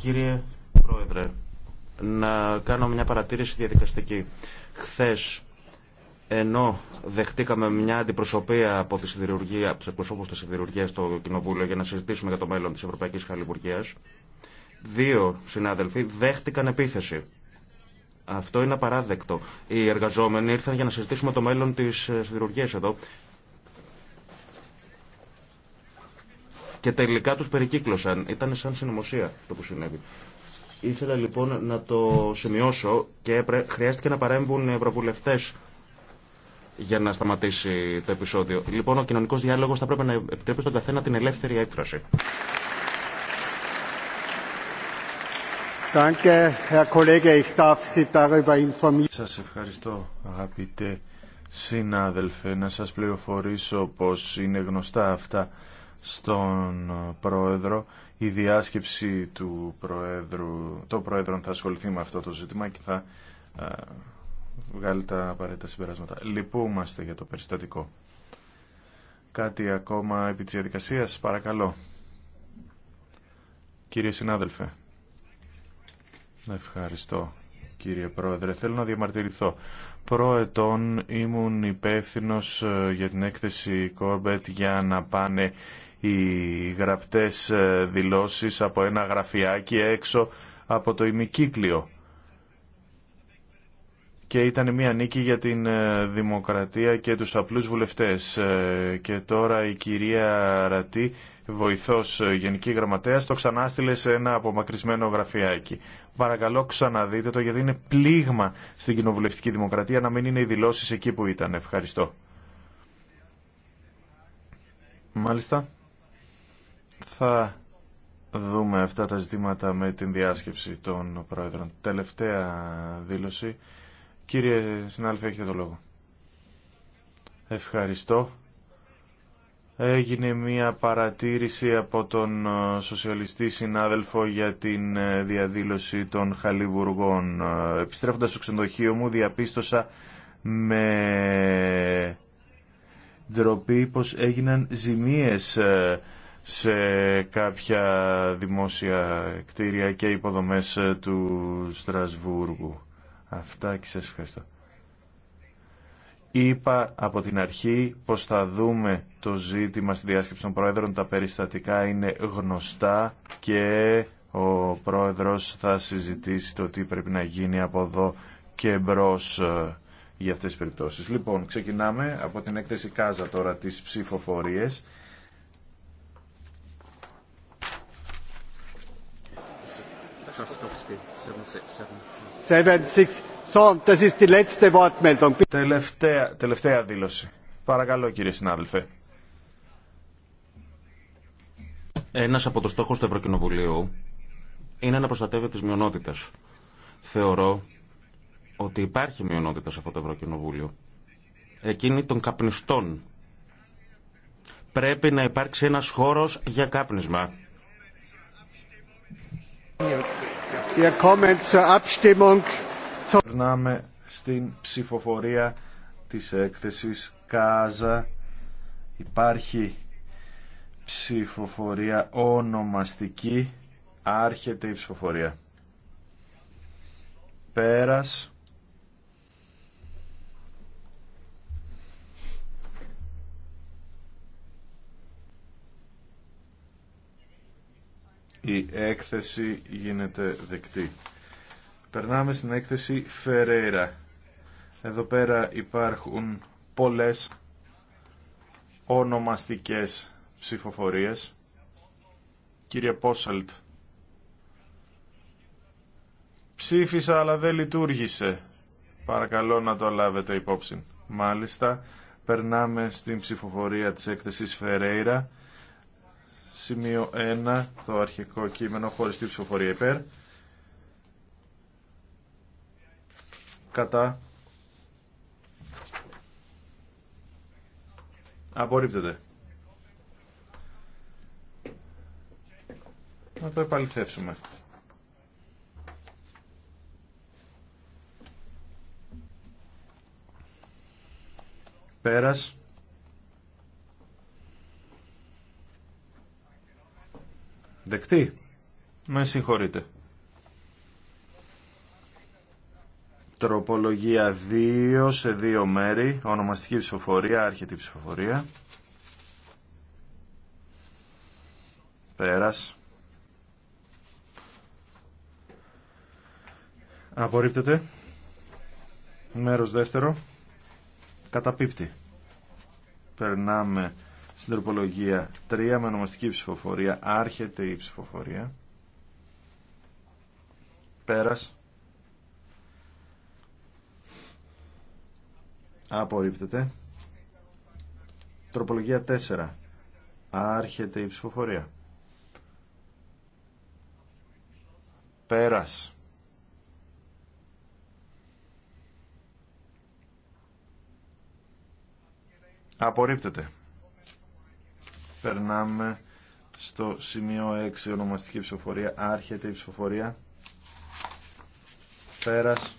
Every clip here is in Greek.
Κύριε Πρόεδρε, να κάνω μια παρατήρηση διαδικαστική. Χθες, ενώ δεχτήκαμε μια αντιπροσωπεία από, τη από τους εκπροσώπους της Σιδηρουργίας στο Κοινοβούλιο για να συζητήσουμε για το μέλλον της Ευρωπαϊκής Χαλιβουργίας, δύο συνάδελφοι δέχτηκαν επίθεση. Αυτό είναι απαράδεκτο. Οι εργαζόμενοι ήρθαν για να συζητήσουμε το μέλλον τη ε, σιδηρουργία εδώ και τελικά τους περικύκλωσαν. Ήταν σαν συνωμοσία το που συνέβη. Ήθελα λοιπόν να το σημειώσω και χρειάστηκε να παρέμβουν ευρωβουλευτέ για να σταματήσει το επεισόδιο. Λοιπόν, ο κοινωνικός διάλογος θα πρέπει να επιτρέπει στον καθένα την ελεύθερη έκφραση. Σας ευχαριστώ αγαπητέ συνάδελφε να σας πληροφορήσω πως είναι γνωστά αυτά στον Πρόεδρο. Η διάσκεψη του Προέδρου, το Προέδρων θα ασχοληθεί με αυτό το ζήτημα και θα ε, βγάλει τα απαραίτητα συμπεράσματα. Λυπούμαστε για το περιστατικό. Κάτι ακόμα επί της διαδικασίας, παρακαλώ. Κύριε συνάδελφε, ευχαριστώ κύριε Πρόεδρε. Θέλω να διαμαρτυρηθώ. Προετών ήμουν υπεύθυνο ε, για την έκθεση Κόρμπετ για να πάνε οι γραπτές ε, δηλώσεις από ένα γραφιάκι έξω από το ημικύκλιο. Και ήταν μια νίκη για την ε, δημοκρατία και τους απλούς βουλευτές. Ε, και τώρα η κυρία Ρατή, βοηθός Γενική Γραμματέας, το στείλε σε ένα απομακρυσμένο γραφιάκι. Παρακαλώ ξαναδείτε το γιατί είναι πλήγμα στην κοινοβουλευτική δημοκρατία να μην είναι οι δηλώσεις εκεί που ήταν. Ευχαριστώ. Μάλιστα θα δούμε αυτά τα ζητήματα με την διάσκεψη των Πρόεδρων. Τελευταία δήλωση. Κύριε συνάδελφε, έχετε το λόγο. Ευχαριστώ. Έγινε μία παρατήρηση από τον ε, σοσιαλιστή συνάδελφο για την ε, διαδήλωση των Χαλιβουργών. Ε, επιστρέφοντας στο ξενοδοχείο μου διαπίστωσα με ντροπή πως έγιναν ζημίες σε κάποια δημόσια κτίρια και υποδομές του Στρασβούργου. Αυτά και σας ευχαριστώ. Είπα από την αρχή πως θα δούμε το ζήτημα στη διάσκεψη των Πρόεδρων. Τα περιστατικά είναι γνωστά και ο Πρόεδρος θα συζητήσει το τι πρέπει να γίνει από εδώ και μπρο ε, για αυτές τις περιπτώσεις. Λοιπόν, ξεκινάμε από την έκθεση Κάζα τώρα τις ψηφοφορίες. Τελευταία, δήλωση. Παρακαλώ κύριε συνάδελφε. Ένας από τους στόχου του Ευρωκοινοβουλίου είναι να προστατεύει τι μειονότητε. Θεωρώ ότι υπάρχει μειονότητα σε αυτό το Ευρωκοινοβούλιο. Εκείνη των καπνιστών. Πρέπει να υπάρξει ένας χώρος για κάπνισμα. Περνάμε στην ψηφοφορία της έκθεσης ΚΑΖΑ. Υπάρχει ψηφοφορία ονομαστική. Άρχεται η ψηφοφορία. Πέρας. η έκθεση γίνεται δεκτή. Περνάμε στην έκθεση Φερέρα. Εδώ πέρα υπάρχουν πολλές ονομαστικές ψηφοφορίες. Κύριε Πόσαλτ, ψήφισα αλλά δεν λειτουργήσε. Παρακαλώ να το λάβετε υπόψη. Μάλιστα, περνάμε στην ψηφοφορία της έκθεσης Φερέιρα. Σημείο 1, το αρχικό κείμενο χωρίς τη ψηφοφορία υπέρ. Κατά. Απορρίπτεται. Να το επαληθεύσουμε. Πέρας. Δεκτή. Με συγχωρείτε. Τροπολογία 2 σε δύο μέρη. Ονομαστική ψηφοφορία, άρχιτη ψηφοφορία. Πέρας. Απορρίπτεται. Μέρος δεύτερο. Καταπίπτει. Περνάμε στην τροπολογία 3 με ονομαστική ψηφοφορία άρχεται η ψηφοφορία. Πέρας. Απορρίπτεται. Τροπολογία 4. Άρχεται η ψηφοφορία. Πέρας. Απορρίπτεται περνάμε στο σημείο 6 ονομαστική ψηφοφορία. Άρχεται η ψηφοφορία. Πέρας.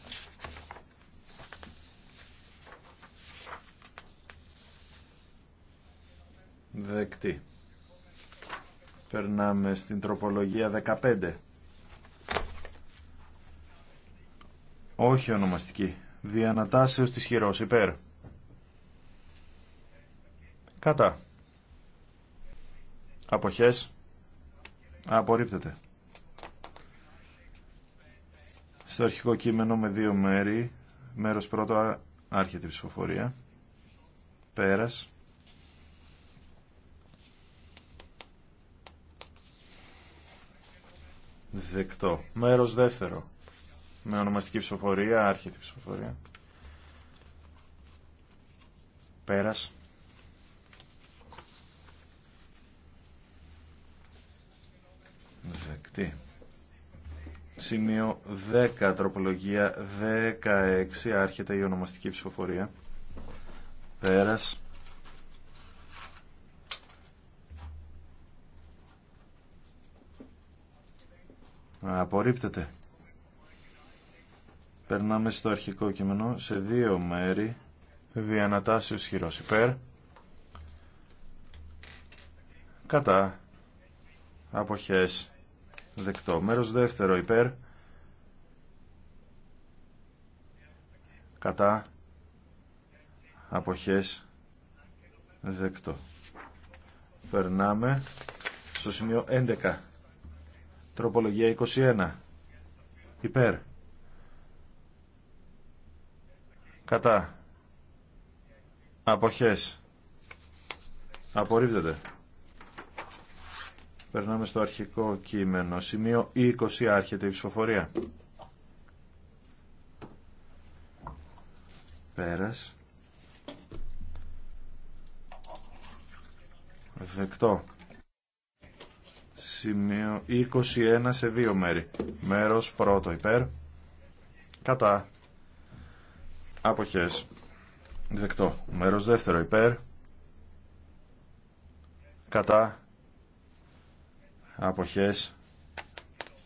Δεκτή. Περνάμε στην τροπολογία 15. Όχι ονομαστική. Διανατάσεως της χειρός. Υπέρ. Κατά. Αποχές. Απορρίπτεται. Στο αρχικό κείμενο με δύο μέρη. Μέρος πρώτο άρχεται η ψηφοφορία. Πέρας. Δεκτό. Μέρος δεύτερο. Με ονομαστική ψηφοφορία, άρχεται η ψηφοφορία. Πέρας. δεκτή. Σημείο 10, τροπολογία 16, άρχεται η ονομαστική ψηφοφορία. Πέρας. Απορρίπτεται. Περνάμε στο αρχικό κείμενο σε δύο μέρη. διανατάσεις χειρός υπέρ. Κατά αποχές δεκτό. Μέρος δεύτερο υπέρ κατά αποχές δεκτό. Περνάμε στο σημείο 11. Τροπολογία 21. Υπέρ. Κατά. Αποχές. Απορρίπτεται. Περνάμε στο αρχικό κείμενο. Σημείο 20 άρχεται η ψηφοφορία. Πέρας. Δεκτό. Σημείο 21 σε δύο μέρη. Μέρος πρώτο υπέρ. Κατά. Αποχές. Δεκτό. Μέρος δεύτερο υπέρ. Κατά αποχές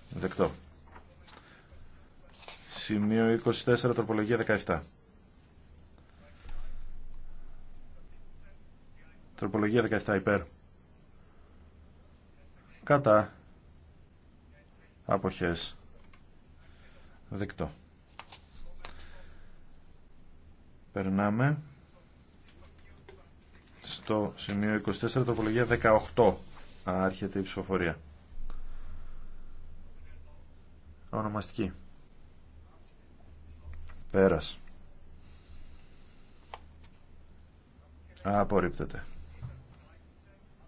δεκτό σημείο 24 τροπολογία 17 τροπολογία 17 υπέρ κατά αποχές δεκτό περνάμε στο σημείο 24 τροπολογία 18 άρχεται η ψηφοφορία Ονομαστική. Πέρας. Απορρίπτεται.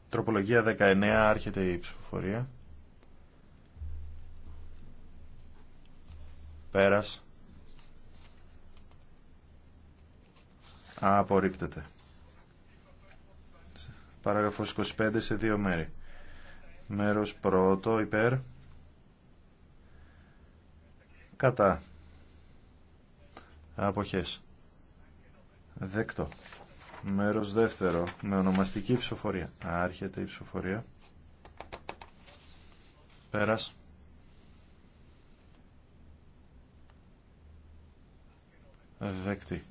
Τροπολογία 19, άρχεται η ψηφοφορία. Πέρας. Απορρίπτεται. Παράγραφος 25 σε δύο μέρη. Μέρος πρώτο υπέρ κατά αποχές δεκτό μέρος δεύτερο με ονομαστική ψηφοφορία άρχεται η ψηφοφορία πέρας δεκτή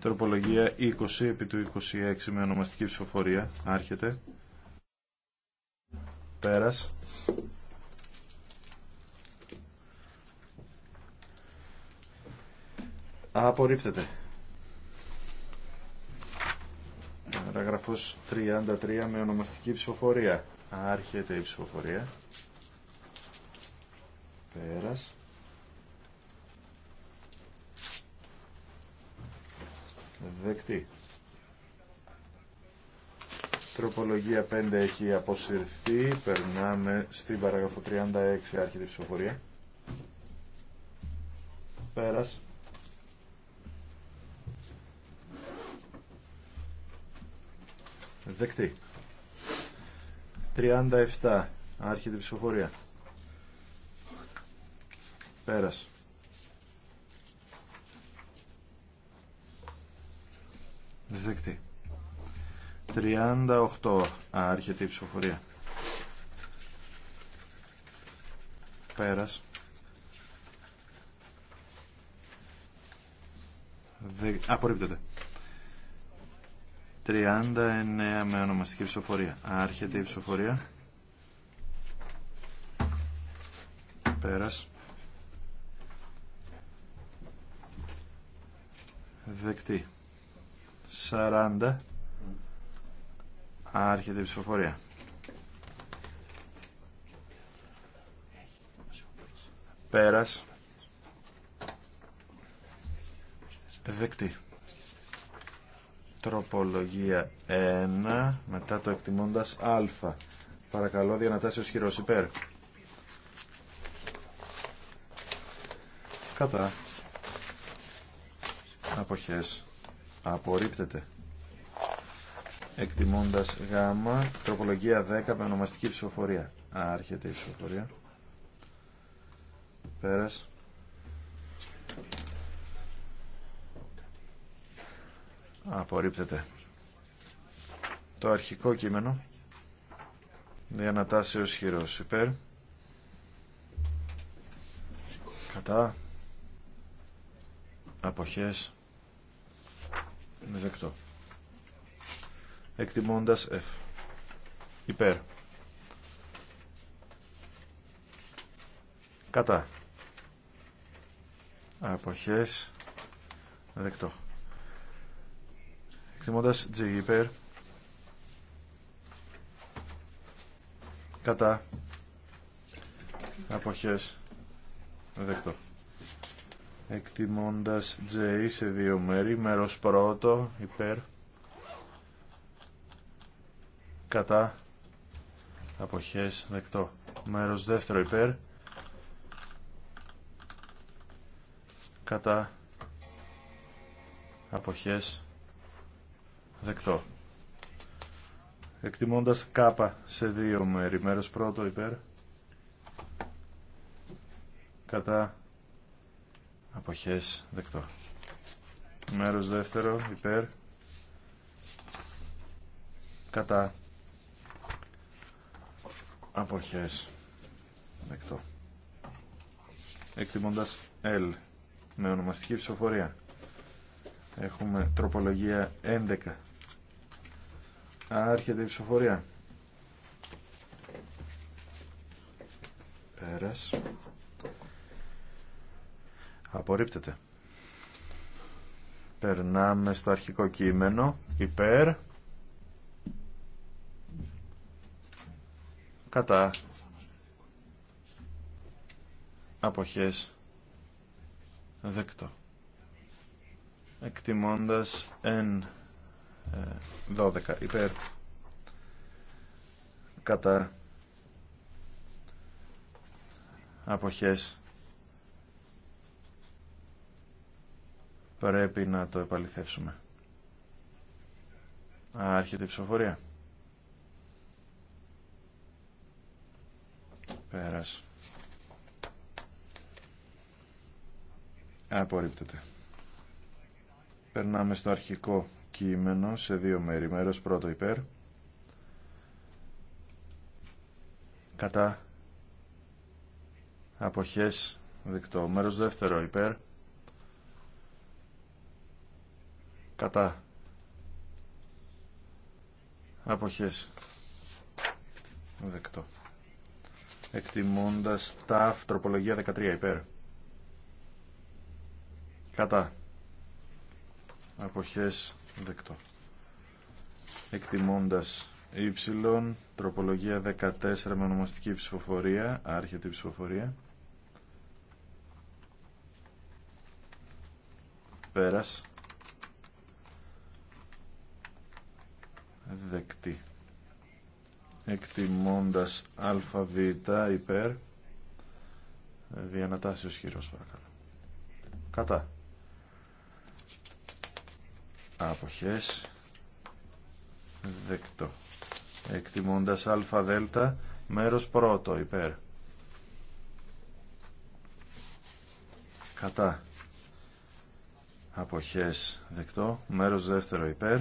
τροπολογία 20 επί του 26 με ονομαστική ψηφοφορία άρχεται πέρας Απορρίπτεται. Παραγραφός 33 με ονομαστική ψηφοφορία. Άρχεται η ψηφοφορία. Πέρας. Δεκτή. Τροπολογία 5 έχει αποσυρθεί. Περνάμε στην παραγραφό 36. Άρχεται η ψηφοφορία. Πέρας. Δεκτή. 37. Άρχεται η ψηφοφορία. Πέρας. Δεκτή. 38. Άρχεται η ψηφοφορία. Πέρας. Δε... Απορρίπτεται. 39 με ονομαστική ψηφοφορία. Άρχεται η ψηφοφορία. Πέρας. Δεκτή. 40. Άρχεται η ψηφοφορία. Πέρας. Δεκτή. Τροπολογία 1, μετά το εκτιμώντας α. Παρακαλώ, διανατάσεως χειρός υπέρ. Κατά. Αποχές. Απορρίπτεται. Εκτιμώντας γ, τροπολογία 10 με ονομαστική ψηφοφορία. Άρχεται η ψηφοφορία. Πέρας. Απορρίπτεται. Το αρχικό κείμενο. Διανατάσεως χειρός. Υπέρ. Κατά. Αποχές. Δεκτό. Εκτιμώντας F. Υπέρ. Κατά. Αποχές. Δεκτό. Εκτιμώντας G υπέρ. Κατά. Αποχές. Δεκτό. Εκτιμώντας J σε δύο μέρη. Μέρος πρώτο υπέρ. Κατά. Αποχές. Δεκτό. Μέρος δεύτερο υπέρ. Κατά. Αποχές δεκτό. Εκτιμώντας κάπα σε δύο μέρη. Μέρος πρώτο υπέρ. Κατά αποχές δεκτό. Μέρος δεύτερο υπέρ. Κατά αποχές δεκτό. Εκτιμώντας L με ονομαστική ψηφοφορία. Έχουμε τροπολογία 11 Άρχεται η ψηφοφορία. Πέρας. Απορρίπτεται. Περνάμε στο αρχικό κείμενο. Υπέρ. Κατά. Αποχές. Δεκτό. Εκτιμώντας εν 12 υπέρ κατά αποχές πρέπει να το επαληθεύσουμε. Άρχεται η ψηφοφορία. Πέρας. Απορρίπτεται. Περνάμε στο αρχικό κείμενο σε δύο μέρη. Μέρος πρώτο υπέρ. Κατά. Αποχές δεκτό. Μέρος δεύτερο υπέρ. Κατά. Αποχές δεκτό. Εκτιμώντας τα τροπολογία 13 υπέρ. Κατά. Αποχές δεκτό. Εκτιμώντας Y, ε, τροπολογία 14 με ονομαστική ψηφοφορία, άρχεται η ψηφοφορία. Πέρας. Δεκτή. Εκτιμώντας ΑΒ υπέρ. Ε, Διανατάσεις χειρός παρακαλώ. Κατά αποχές δεκτό εκτιμώντας α δέλτα μέρος πρώτο υπέρ κατά αποχές δεκτό μέρος δεύτερο υπέρ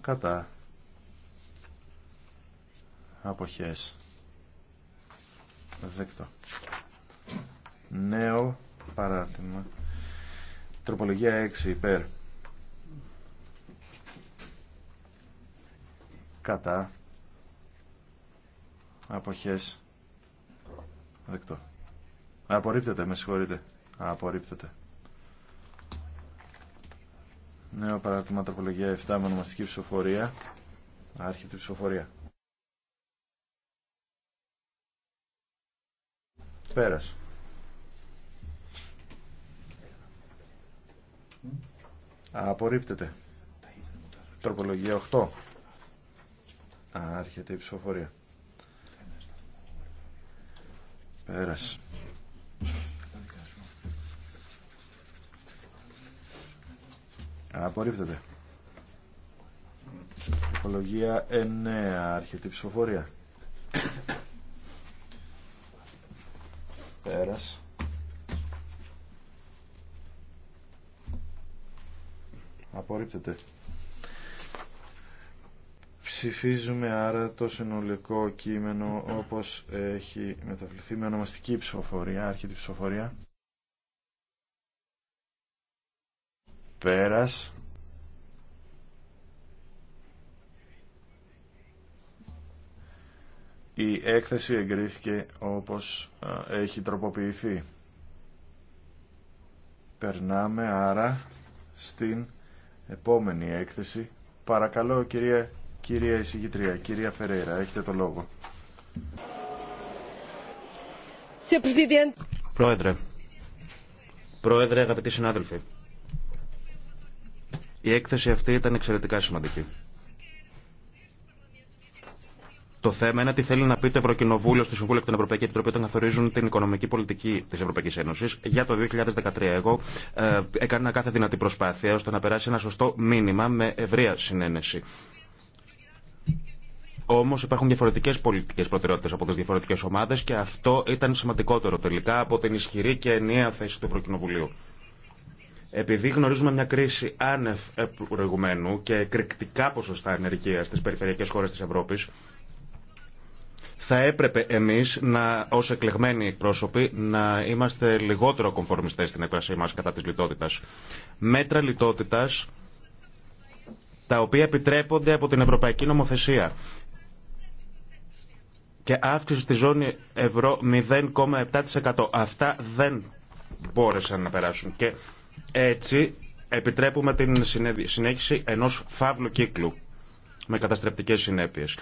κατά αποχές δεκτό νέο παράδειγμα Τροπολογία 6 υπέρ. Κατά. Αποχές. Δεκτό. Απορρίπτεται, με συγχωρείτε. Απορρίπτεται. Νέο παράδειγμα τροπολογία 7 με ονομαστική ψηφοφορία. Άρχιτη ψηφοφορία. Πέρασε. Απορρίπτεται. Τροπολογία 8. Άρχεται η ψηφοφορία. Πέρασε. Απορρίπτεται. Τροπολογία 9. Άρχεται η ψηφοφορία. Πέρασε. απορρίπτεται. Ψηφίζουμε άρα το συνολικό κείμενο όπως έχει μεταβληθεί με ονομαστική ψηφοφορία, άρχιτη ψηφοφορία. Πέρας. Η έκθεση εγκρίθηκε όπως έχει τροποποιηθεί. Περνάμε άρα στην επόμενη έκθεση. Παρακαλώ κυρία, κυρία εισηγητρία, κυρία Φερέιρα, έχετε το λόγο. Πρόεδρε, Πρόεδρε, αγαπητοί συνάδελφοι, η έκθεση αυτή ήταν εξαιρετικά σημαντική. Το θέμα είναι τι θέλει να πει το Ευρωκοινοβούλιο στο Συμβούλια και την Ευρωπαϊκή Επιτροπή όταν καθορίζουν την οικονομική πολιτική τη Ευρωπαϊκή Ένωση. Για το 2013, εγώ ε, έκανα κάθε δυνατή προσπάθεια ώστε να περάσει ένα σωστό μήνυμα με ευρεία συνένεση. Όμω υπάρχουν διαφορετικέ πολιτικέ προτεραιότητε από τι διαφορετικέ ομάδε και αυτό ήταν σημαντικότερο τελικά από την ισχυρή και ενιαία θέση του Ευρωκοινοβουλίου. Επειδή γνωρίζουμε μια κρίση άνευ προηγουμένου και εκρηκτικά ποσοστά ενεργεία στι περιφερειακέ χώρε τη Ευρώπη, θα έπρεπε εμείς ω ως εκλεγμένοι πρόσωποι, να είμαστε λιγότερο κομφορμιστές στην έκφρασή μα κατά τη λιτότητας. Μέτρα λιτότητας τα οποία επιτρέπονται από την Ευρωπαϊκή Νομοθεσία και αύξηση στη ζώνη ευρώ 0,7%. Αυτά δεν μπόρεσαν να περάσουν και έτσι επιτρέπουμε την συνέχιση ενός φαύλου κύκλου με καταστρεπτικές συνέπειες.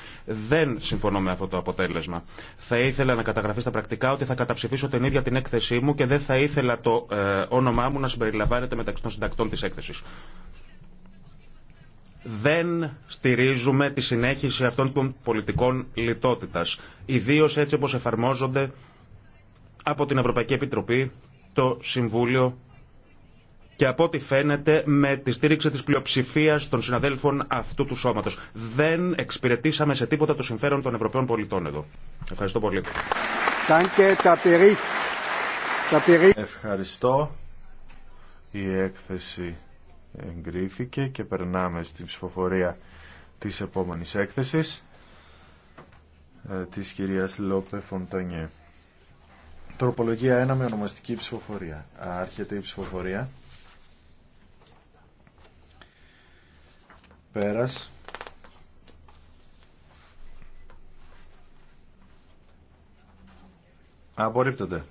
Δεν συμφωνώ με αυτό το αποτέλεσμα. Θα ήθελα να καταγραφεί στα πρακτικά ότι θα καταψηφίσω την ίδια την έκθεσή μου και δεν θα ήθελα το ε, όνομά μου να συμπεριλαμβάνεται μεταξύ των συντακτών της έκθεσης. Δεν στηρίζουμε τη συνέχιση αυτών των πολιτικών λιτότητα. ιδίως έτσι όπω εφαρμόζονται από την Ευρωπαϊκή Επιτροπή, το Συμβούλιο και από ό,τι φαίνεται με τη στήριξη της πλειοψηφία των συναδέλφων αυτού του σώματος. Δεν εξυπηρετήσαμε σε τίποτα το συμφέρον των Ευρωπαίων πολιτών εδώ. Ευχαριστώ πολύ. Ευχαριστώ. Η έκθεση εγκρίθηκε και περνάμε στην ψηφοφορία της επόμενης έκθεσης ε, της κυρίας Λόπε Φοντανιέ. Τροπολογία 1 με ονομαστική ψηφοφορία. Άρχεται η ψηφοφορία. Πέρας. Απορρίπτονται.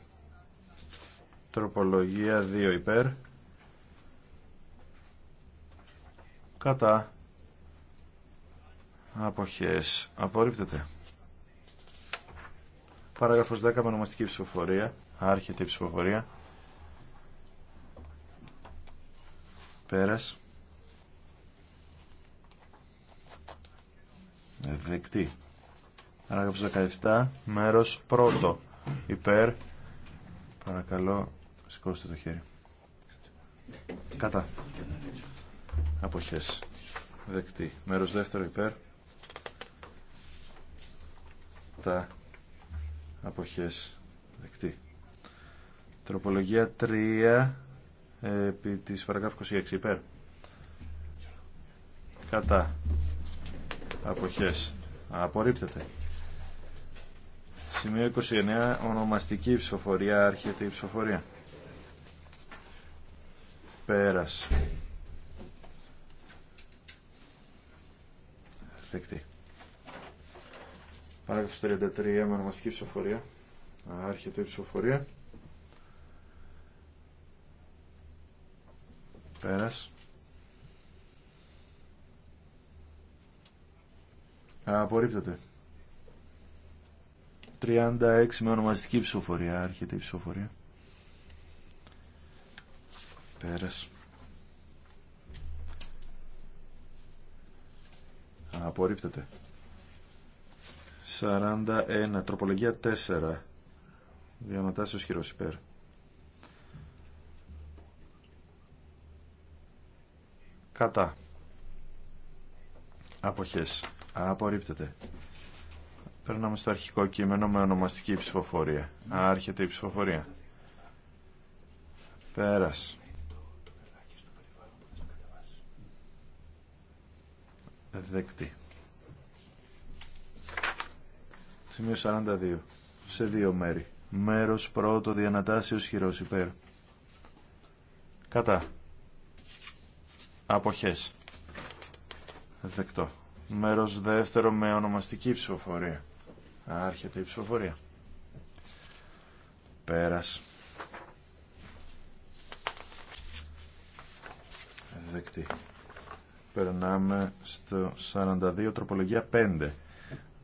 Τροπολογία 2 υπέρ. Κατά. Αποχές. Απορρίπτονται. Παράγραφος 10 με ονομαστική ψηφοφορία. Άρχεται η ψηφοφορία. Πέρας. Δεκτή. Παράγραφό 17, μέρος πρώτο. Υπέρ. Παρακαλώ, σηκώστε το χέρι. Κατά. Αποχές. Δεκτή. Μέρος δεύτερο υπέρ. Τα Αποχέ. Δεκτή. Τροπολογία 3 επί της παραγράφου 26 υπέρ. Κατά αποχές απορρίπτεται σημείο 29 ονομαστική ψηφοφορία άρχεται η ψηφοφορία πέρας δεκτή παράγραφος 33 ονομαστική ψηφοφορία άρχεται η ψηφοφορία πέρας Απορρίπτεται. 36 με ονομαστική ψηφοφορία. Άρχεται η ψηφοφορία. Πέρας. Απορρίπτεται. 41. Τροπολογία 4. Διαματάσεως χειρός υπέρ. Κατά. Αποχές. Απορρίπτεται. Περνάμε στο αρχικό κείμενο με ονομαστική ψηφοφορία. Άρχεται η ψηφοφορία. Πέρας. Δεκτή. Σημείο 42. Σε δύο μέρη. Μέρος πρώτο διανατάσσεως χειρός υπέρ. Κατά. Αποχές. Δεκτό μέρος δεύτερο με ονομαστική ψηφοφορία. Άρχεται η ψηφοφορία. Πέρας. Δεκτή. Περνάμε στο 42 τροπολογία 5.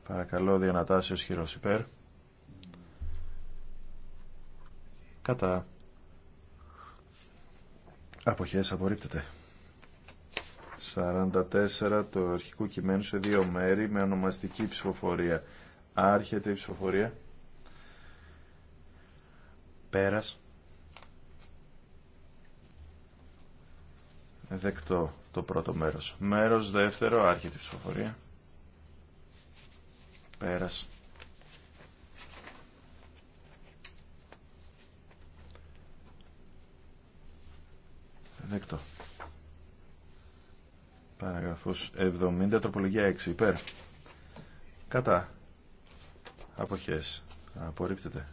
Παρακαλώ Διανατάσιο χειρός υπέρ. Κατά. Αποχές απορρίπτεται. 44 Το αρχικό κειμένου σε δύο μέρη με ονομαστική ψηφοφορία. Άρχεται η ψηφοφορία. Πέρας. Δεκτό το πρώτο μέρος. Μέρος δεύτερο, άρχεται η ψηφοφορία. Πέρας. Δεκτό. Παραγραφός 70, τροπολογία 6, υπέρ. Κατά. Αποχές. Απορρίπτεται.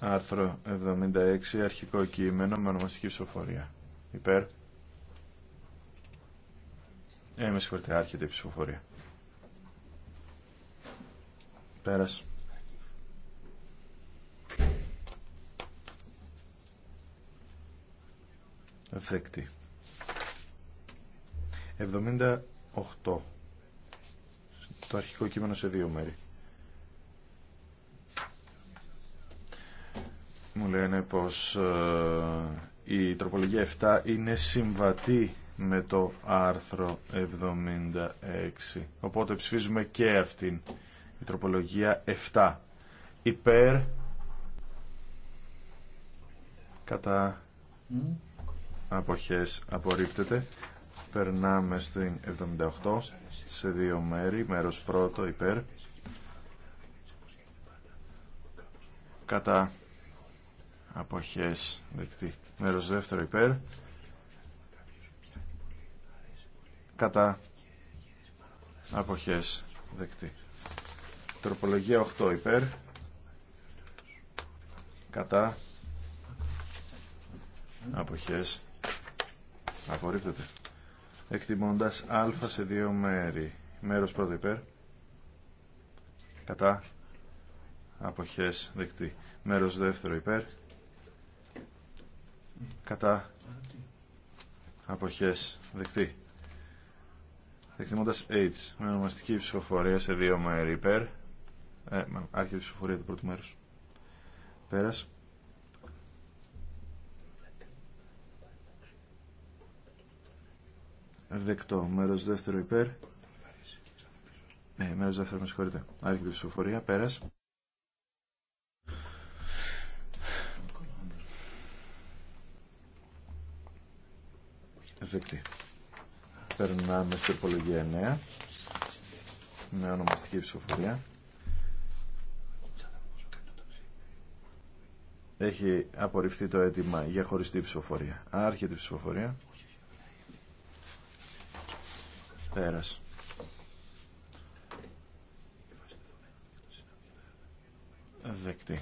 Άρθρο 76, αρχικό κείμενο με ονομαστική ψηφοφορία. Υπέρ. Ε, με συγχωρείτε, άρχεται η ψηφοφορία. Πέρας. Δεκτή. 78. Το αρχικό κείμενο σε δύο μέρη. Μου λένε πως ε, η τροπολογία 7 είναι συμβατή με το άρθρο 76. Οπότε ψηφίζουμε και αυτήν. Η τροπολογία 7. Υπέρ κατά αποχές απορρίπτεται. Περνάμε στην 78 σε δύο μέρη. Μέρος πρώτο υπέρ. Κατά αποχές δεκτή. Μέρος δεύτερο υπέρ. Κατά αποχές δεκτή. Τροπολογία 8 υπέρ. Κατά αποχές απορρίπτεται εκτιμώντας α σε δύο μέρη. Μέρος πρώτο υπέρ, κατά, αποχές δεκτή. Μέρος δεύτερο υπέρ, κατά, αποχές δεκτή. Εκτιμώντας H, με ονομαστική ψηφοφορία σε δύο μέρη υπέρ, ε, άρχιε ψηφοφορία του πρώτου μέρους. Πέρας. Δεκτό. Μέρος δεύτερο υπέρ. Ναι, μέρος δεύτερο με συγχωρείτε. Άρχεται η ψηφοφορία. Πέρας. Δεκτή. Περνάμε στην υπολογία 9. Με ονομαστική ψηφοφορία. Έχει απορριφθεί το αίτημα για χωριστή ψηφοφορία. Άρχεται η ψηφοφορία. Πέρας. Δεκτή.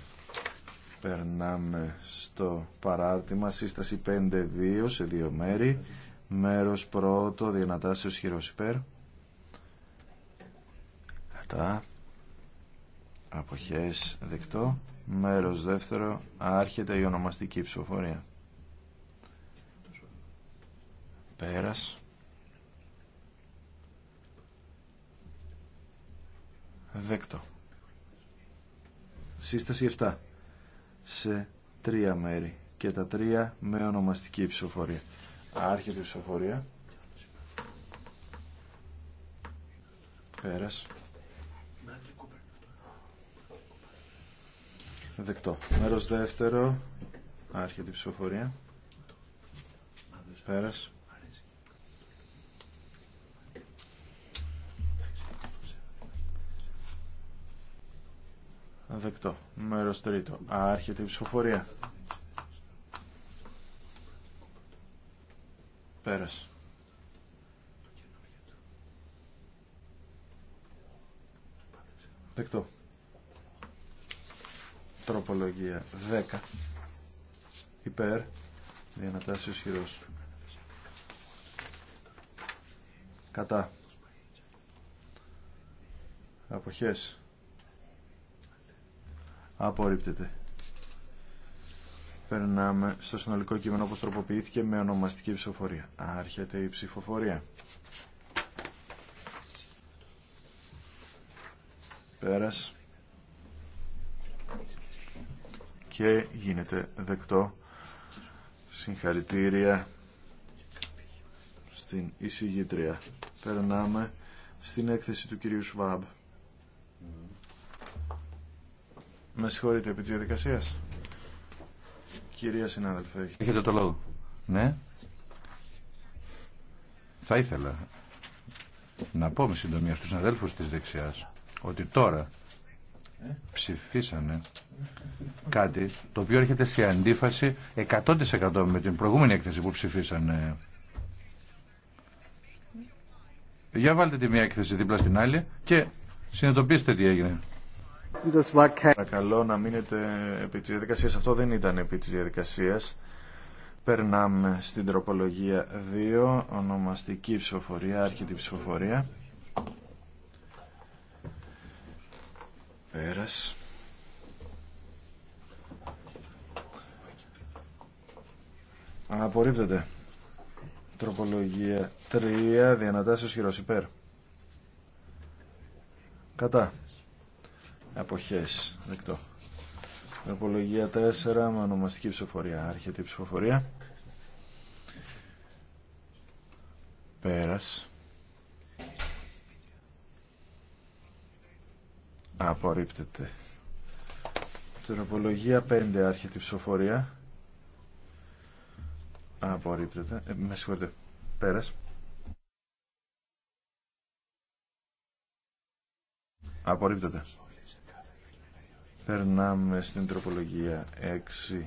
Περνάμε στο παράρτημα σύσταση 5-2 σε δύο μέρη. Μέρος πρώτο, διανατάσεως χειρός υπέρ. Κατά. Αποχές δεκτό. Μέρος δεύτερο, άρχεται η ονομαστική ψηφοφορία. Πέρας. Δέκτο. Σύσταση 7. Σε τρία μέρη. Και τα τρία με ονομαστική ψηφοφορία. Άρχεται η ψηφοφορία. Πέρας. Δεκτό. Μέρος δεύτερο. Άρχεται η ψηφοφορία. Πέρας. δεκτό. Μέρος τρίτο. Άρχεται η ψηφοφορία. Πέρασε. Δεκτό. Τροπολογία 10. Υπέρ. Διανατάσεως χειρός. Κατά. Αποχές απορρίπτεται. Περνάμε στο συνολικό κείμενο όπως τροποποιήθηκε με ονομαστική ψηφοφορία. Άρχεται η ψηφοφορία. Πέρας. Και γίνεται δεκτό. Συγχαρητήρια στην εισηγήτρια. Περνάμε στην έκθεση του κυρίου Σβάμπ. Με συγχωρείτε επί τη διαδικασία. Κυρία συνάδελφε. Έχετε το λόγο. Ναι. Θα ήθελα να πω με συντομία στους αδέλφους της δεξιάς ότι τώρα ψηφίσανε κάτι το οποίο έρχεται σε αντίφαση 100% με την προηγούμενη έκθεση που ψηφίσανε. Για βάλτε τη μία έκθεση δίπλα στην άλλη και συνειδητοποιήστε τι έγινε. Παρακαλώ να μείνετε επί της διαδικασίας. Αυτό δεν ήταν επί της διαδικασίας. Περνάμε στην τροπολογία 2, ονομαστική ψηφοφορία, άρχιτη ψηφοφορία. Πέρας. Απορρίπτεται. Τροπολογία 3, διανατάσεις χειρός υπέρ. Κατά αποχές δεκτό τροπολογία 4 με ονομαστική ψηφοφορία άρχεται η ψηφοφορία πέρας απορρίπτεται τροπολογία 5 άρχεται η ψηφοφορία απορρίπτεται ε, με συγχωρείτε πέρας απορρίπτεται Περνάμε στην τροπολογία 6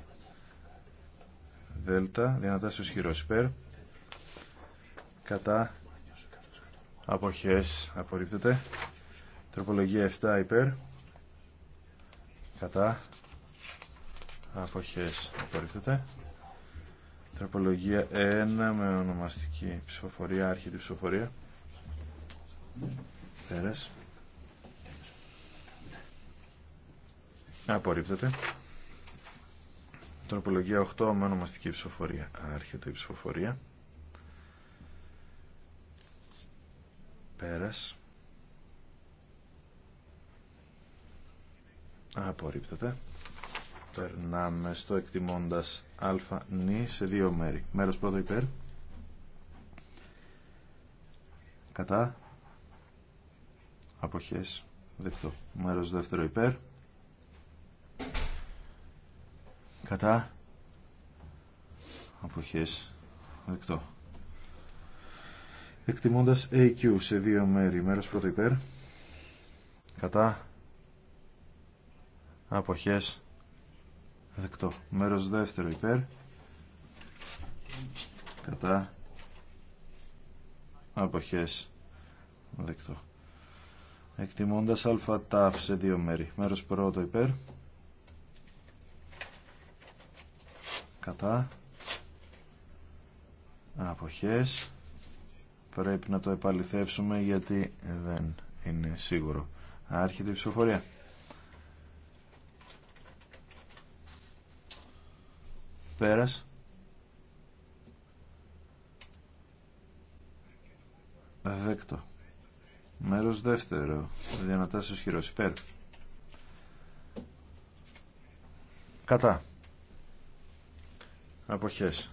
δέλτα, δυνατά στους χειρός υπέρ, κατά αποχές απορρίπτεται, τροπολογία 7 υπέρ, κατά αποχές απορρίπτεται, τροπολογία 1 με ονομαστική ψηφοφορία, άρχιτη ψηφοφορία, πέρας. Απορρίπτεται. Τροπολογία 8 με ονομαστική ψηφοφορία. Άρχεται η ψηφοφορία. Πέρας. Απορρίπτεται. Περνάμε στο εκτιμώντας α ν σε δύο μέρη. Μέρος πρώτο υπέρ. Κατά. Αποχές. Δεκτό. Μέρος δεύτερο υπέρ. κατά αποχές δεκτό εκτιμώντας AQ σε δύο μέρη μέρος πρώτο υπέρ κατά αποχές δεκτό μέρος δεύτερο υπέρ κατά αποχές δεκτό εκτιμώντας ΑΛΦΑ τάφ σε δύο μέρη μέρος πρώτο υπέρ κατά αποχές πρέπει να το επαληθεύσουμε γιατί δεν είναι σίγουρο άρχεται η ψηφοφορία πέρας δέκτο μέρος δεύτερο διανατάσεις χειρός υπέρ κατά αποχές.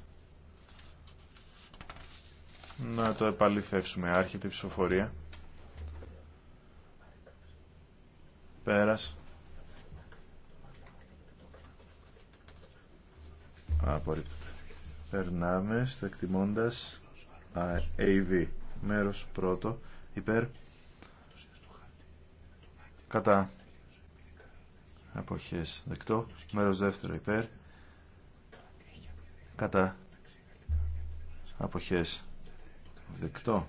Να το επαληθεύσουμε. Άρχεται η ψηφοφορία. Πέρας. Απορρίπτεται. Περνάμε στο εκτιμώντας AV. Μέρος πρώτο. Υπέρ. Κατά. Αποχές. Δεκτό. Μέρος δεύτερο. Υπέρ κατά αποχές δεκτό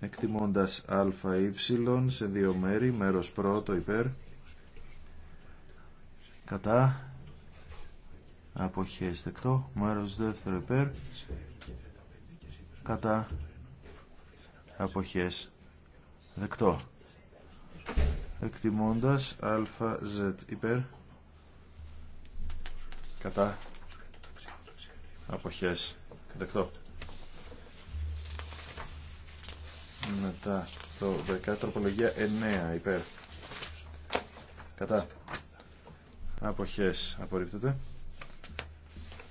εκτιμώντας ε σε δύο μέρη μέρος πρώτο υπέρ κατά αποχές δεκτό μέρος δεύτερο υπέρ κατά αποχές δεκτό εκτιμώντας ζ υπέρ κατά αποχές δεκτό μετά το 10 τροπολογία 9 υπέρ κατά αποχές απορρίπτεται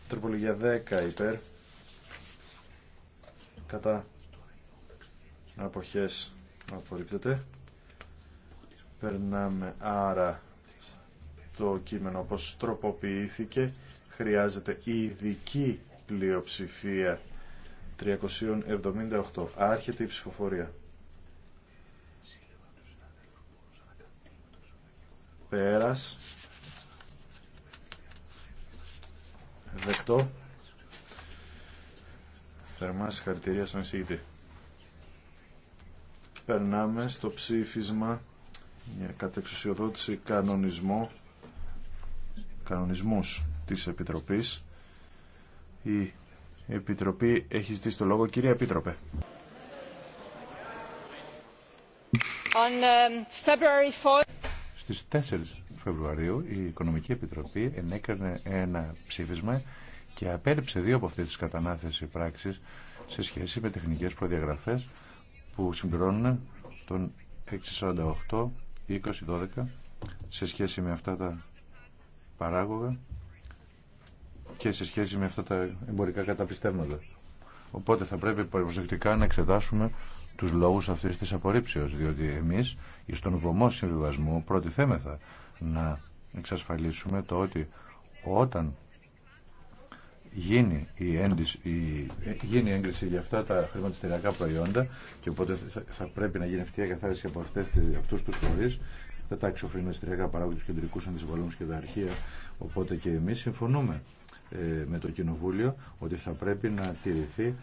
τροπολογία 10 υπέρ κατά αποχές απορρίπτεται περνάμε άρα το κείμενο όπως τροποποιήθηκε χρειάζεται η ειδική πλειοψηφία 378. Άρχεται η ψηφοφορία. Πέρας. Δεκτό. Θερμά συγχαρητήρια στον εισηγητή. Περνάμε στο ψήφισμα για κατεξουσιοδότηση κανονισμό, κανονισμούς της Επιτροπής. Η Επιτροπή έχει ζητήσει το λόγο. Κυρία Επίτροπε. Ε, Στις 4 Φεβρουαρίου η Οικονομική Επιτροπή ενέκρινε ένα ψήφισμα και απέρριψε δύο από αυτές τις κατανάθεση πράξεις σε σχέση με τεχνικές προδιαγραφές που συμπληρώνουν τον 648 2012 σε σχέση με αυτά τα παράγωγα και σε σχέση με αυτά τα εμπορικά καταπιστεύματα. Οπότε θα πρέπει προσεκτικά να εξετάσουμε τους λόγους αυτή της απορρίψεως, διότι εμείς στον βωμό συμβιβασμού πρώτη να εξασφαλίσουμε το ότι όταν γίνει η, έντυση, η, ε, γίνει η έγκριση για αυτά τα χρηματιστηριακά προϊόντα και οπότε θα, πρέπει να γίνει αυτή η εγκαθάριση από, αυτού του αυτούς τους φορείς τα τάξη χρηματιστηριακά παράγοντα, του κεντρικού αντισυμβολόμου και τα αρχεία. Οπότε και εμεί συμφωνούμε ε, με το Κοινοβούλιο ότι θα πρέπει να τηρηθεί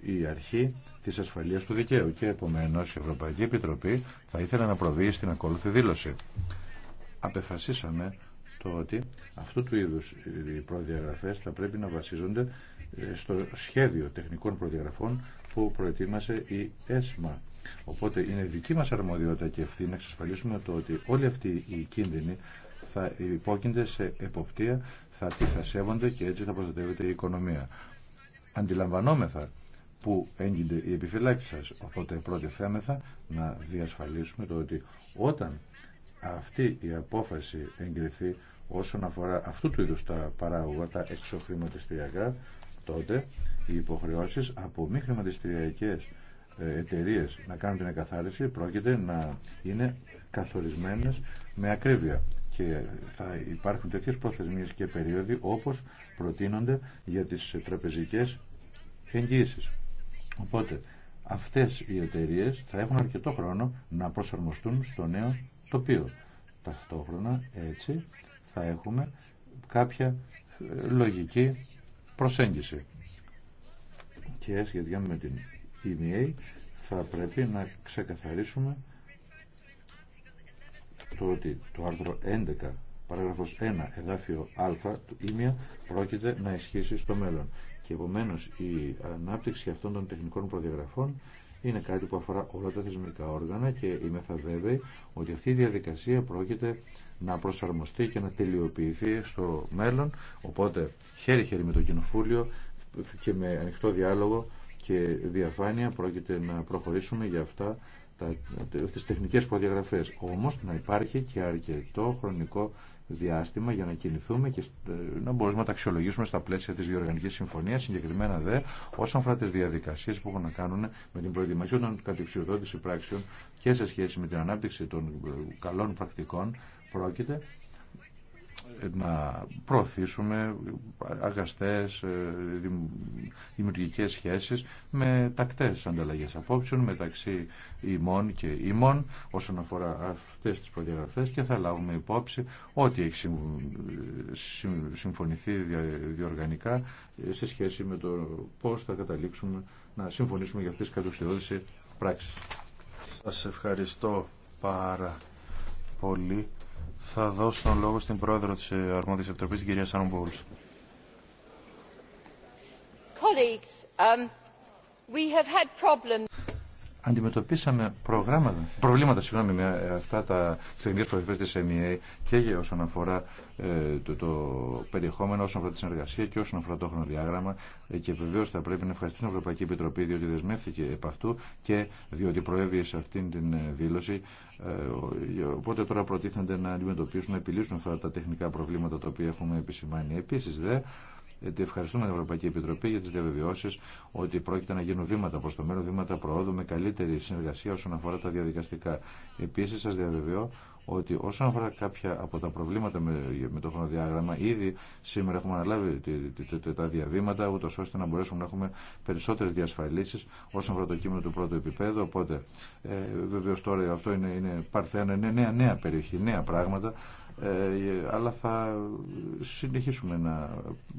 η αρχή της ασφαλείας του δικαίου και επομένως η Ευρωπαϊκή Επιτροπή θα ήθελε να προβεί στην ακόλουθη δήλωση. Απεφασίσαμε το ότι αυτού του είδους οι προδιαγραφές θα πρέπει να βασίζονται ε, στο σχέδιο τεχνικών προδιαγραφών που προετοίμασε η ΕΣΜΑ. Οπότε είναι δική μας αρμοδιότητα και ευθύνη να εξασφαλίσουμε το ότι όλοι αυτοί οι κίνδυνοι θα υπόκεινται σε εποπτεία, θα τη θα και έτσι θα προστατεύεται η οικονομία. Αντιλαμβανόμεθα που έγινε η επιφυλάξη σα. Οπότε πρώτη θέμεθα να διασφαλίσουμε το ότι όταν αυτή η απόφαση εγκριθεί όσον αφορά αυτού του είδους τα παράγωγα, τα εξωχρηματιστηριακά, τότε οι υποχρεώσεις από μη χρηματιστηριακές ε, εταιρείε να κάνουν την εκαθάριση πρόκειται να είναι καθορισμένες με ακρίβεια και θα υπάρχουν τέτοιες προθεσμίες και περίοδοι όπως προτείνονται για τις τραπεζικές εγγύησεις. Οπότε αυτές οι εταιρείε θα έχουν αρκετό χρόνο να προσαρμοστούν στο νέο τοπίο. Ταυτόχρονα έτσι θα έχουμε κάποια ε, λογική προσέγγιση. Και σχετικά με την EMA θα πρέπει να ξεκαθαρίσουμε το ότι το άρθρο 11 παράγραφος 1 εδάφιο α του ίμια πρόκειται να ισχύσει στο μέλλον. Και επομένω, η ανάπτυξη αυτών των τεχνικών προδιαγραφών είναι κάτι που αφορά όλα τα θεσμικά όργανα και είμαι θα βέβαιη ότι αυτή η διαδικασία πρόκειται να προσαρμοστεί και να τελειοποιηθεί στο μέλλον. Οπότε χέρι-χέρι με το κοινοφούλιο και με ανοιχτό διάλογο και διαφάνεια πρόκειται να προχωρήσουμε για αυτά τις τεχνικές προδιαγραφές. Όμως να υπάρχει και αρκετό χρονικό διάστημα για να κινηθούμε και ε, να μπορούμε να τα αξιολογήσουμε στα πλαίσια της διοργανικής συμφωνίας, συγκεκριμένα δε όσον αφορά τις διαδικασίες που έχουν να κάνουν με την προετοιμασία των κατεξιοδότηση πράξεων και σε σχέση με την ανάπτυξη των ε, καλών πρακτικών πρόκειται να προωθήσουμε αγαστές ε, δημιουργικές σχέσεις με τακτές ανταλλαγές απόψεων μεταξύ ημών και ημών όσον αφορά αυτές τις προδιαγραφές και θα λάβουμε υπόψη ό,τι έχει συμφωνηθεί διοργανικά σε σχέση με το πώς θα καταλήξουμε να συμφωνήσουμε για αυτές τις κατοξιώδεις πράξεις. Σας ευχαριστώ πάρα πολύ. Θα δώσω τον λόγο στην πρόεδρο της ε, Αρμόδιας Επιτροπής, την κυρία Σάνου Μπούλς αντιμετωπίσαμε προγράμματα, προβλήματα συγγνώμη, με αυτά τα τεχνικές προβλήματα της MEA και όσον αφορά ε, το, το, περιεχόμενο, όσον αφορά τη συνεργασία και όσον αφορά το χρονοδιάγραμμα ε, και βεβαίω θα πρέπει να ευχαριστήσουμε την Ευρωπαϊκή Επιτροπή διότι δεσμεύθηκε επ' αυτού και διότι προέβη σε αυτήν την ε, δήλωση ε, οπότε τώρα προτίθενται να αντιμετωπίσουν, να επιλύσουν αυτά τα τεχνικά προβλήματα τα οποία έχουμε επισημάνει. Επίσης δε, ευχαριστούμε την Ευρωπαϊκή Επιτροπή για τι διαβεβαιώσει ότι πρόκειται να γίνουν βήματα προ το μέλλον, βήματα προόδου με καλύτερη συνεργασία όσον αφορά τα διαδικαστικά. Επίση σα διαβεβαιώ ότι όσον αφορά κάποια από τα προβλήματα με, το χρονοδιάγραμμα, ήδη σήμερα έχουμε αναλάβει τα διαβήματα, ούτω ώστε να μπορέσουμε να έχουμε περισσότερε διασφαλίσει όσον αφορά το κείμενο του πρώτου επίπεδου. Οπότε, ε, βεβαίω τώρα αυτό είναι, είναι παρθένο, είναι νέα, νέα περιοχή, νέα πράγματα. Ε, αλλά θα συνεχίσουμε να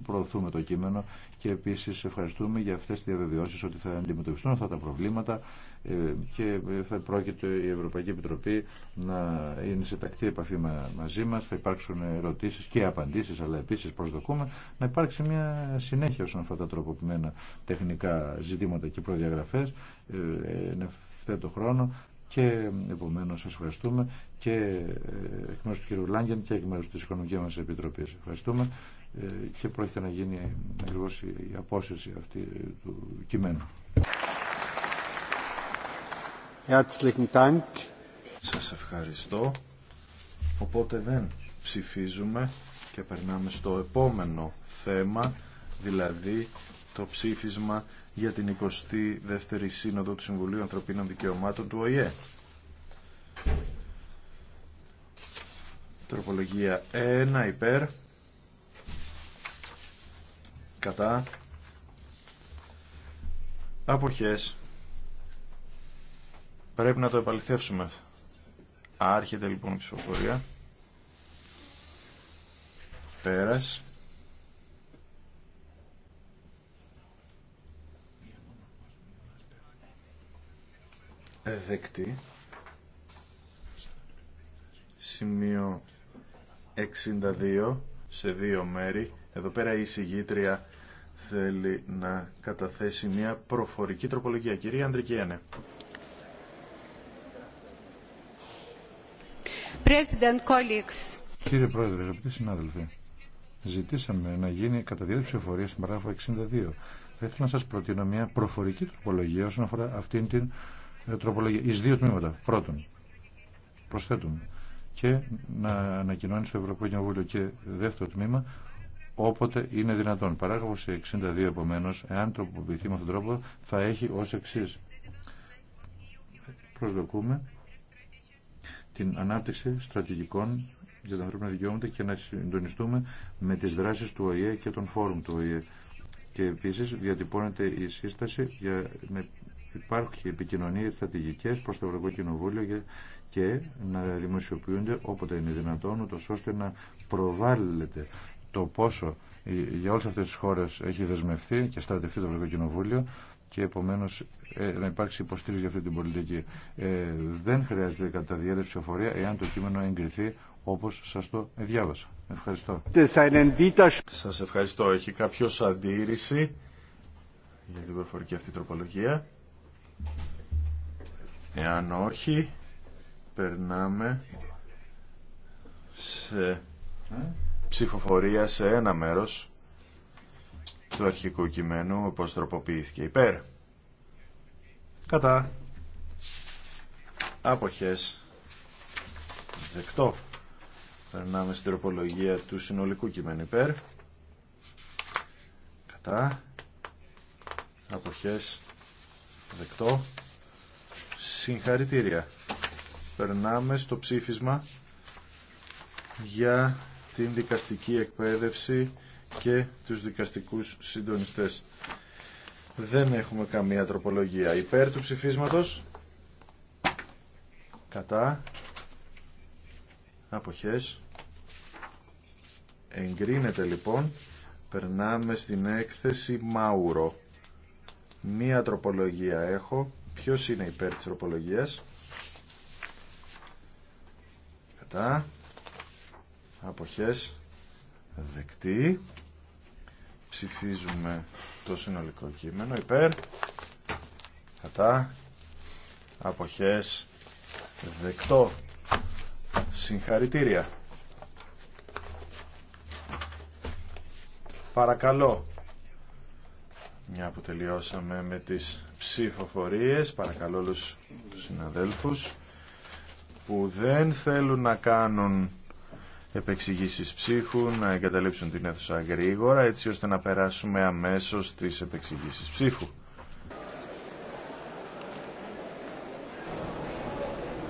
προωθούμε το κείμενο και επίσης ευχαριστούμε για αυτές τις διαβεβαιώσεις ότι θα αντιμετωπιστούν αυτά τα προβλήματα ε, και θα πρόκειται η Ευρωπαϊκή Επιτροπή να είναι σε τακτή επαφή μαζί μας, θα υπάρξουν ερωτήσεις και απαντήσεις, αλλά επίσης προσδοκούμε να υπάρξει μια συνέχεια όσον αυτά τα τροποποιημένα τεχνικά ζητήματα και προδιαγραφές ε, ε, ε, το χρόνο και επομένω σα ευχαριστούμε και ε, εκ μέρου του κ. Λάγκεν και εκ μέρου τη Οικονομική μας Επιτροπής. Ευχαριστούμε ε, και πρόκειται να γίνει ακριβώ η απόσυρση αυτή του κειμένου. Σας ευχαριστώ. Οπότε δεν ψηφίζουμε και περνάμε στο επόμενο θέμα, δηλαδή το ψήφισμα για την 22η Σύνοδο του Συμβουλίου Ανθρωπίνων Δικαιωμάτων του ΟΗΕ. Τροπολογία 1 υπέρ κατά αποχές πρέπει να το επαληθεύσουμε άρχεται λοιπόν η ψηφοφορία πέρας δεκτή. Σημείο 62 σε δύο μέρη. Εδώ πέρα η συγγήτρια θέλει να καταθέσει μια προφορική τροπολογία. Κυρία Αντρικένε. Κύριε Πρόεδρε, αγαπητοί συνάδελφοι, ζητήσαμε να γίνει κατά δύο στην παράγραφο 62. Θα ήθελα να σας προτείνω μια προφορική τροπολογία όσον αφορά αυτήν την ε, τροπολογία εις δύο τμήματα. Πρώτον, προσθέτουν και να ανακοινώνει στο Ευρωπαϊκό Κοινοβούλιο και δεύτερο τμήμα όποτε είναι δυνατόν. Παράγραφος 62 επομένω, εάν τροποποιηθεί με αυτόν τον τρόπο, θα έχει ω εξή. Προσδοκούμε την ανάπτυξη στρατηγικών για τα ανθρώπινα δικαιώματα και να συντονιστούμε με τι δράσει του ΟΗΕ και των φόρουμ του ΟΗΕ. Και επίση διατυπώνεται η σύσταση για, με Υπάρχουν επικοινωνίε στρατηγικές προ το Ευρωπαϊκό Κοινοβούλιο και να δημοσιοποιούνται όποτε είναι δυνατόν, ούτω ώστε να προβάλλεται το πόσο για όλε αυτέ τι χώρε έχει δεσμευτεί και στρατευτεί το Ευρωπαϊκό Κοινοβούλιο και επομένως ε, να υπάρξει υποστήριξη για αυτή την πολιτική. Ε, δεν χρειάζεται κατά διέλευση ψηφοφορία εάν το κείμενο εγκριθεί όπω σα το διάβασα. Ευχαριστώ. Σα ευχαριστώ. Έχει κάποιο αντίρρηση για την προφορική αυτή τροπολογία. Εάν όχι, περνάμε σε ψηφοφορία σε ένα μέρος του αρχικού κειμένου όπως τροποποιήθηκε υπέρ. Κατά. Αποχές. Δεκτό. Περνάμε στην τροπολογία του συνολικού κειμένου υπέρ. Κατά. Αποχές. Δεκτό. Συγχαρητήρια. Περνάμε στο ψήφισμα για την δικαστική εκπαίδευση και τους δικαστικούς συντονιστές. Δεν έχουμε καμία τροπολογία. Υπέρ του ψηφίσματος. Κατά. Αποχές. Εγκρίνεται λοιπόν. Περνάμε στην έκθεση Μάουρο. Μία τροπολογία έχω. Ποιος είναι υπέρ της τροπολογίας. Κατά. Αποχές. Δεκτή. Ψηφίζουμε το συνολικό κείμενο. Υπέρ. Κατά. Αποχές. Δεκτό. Συγχαρητήρια. Παρακαλώ. Μια που τελειώσαμε με τις ψηφοφορίες, παρακαλώ όλους τους συναδέλφους που δεν θέλουν να κάνουν επεξηγήσεις ψήφου, να εγκαταλείψουν την αίθουσα γρήγορα, έτσι ώστε να περάσουμε αμέσως στις επεξηγήσεις ψήφου.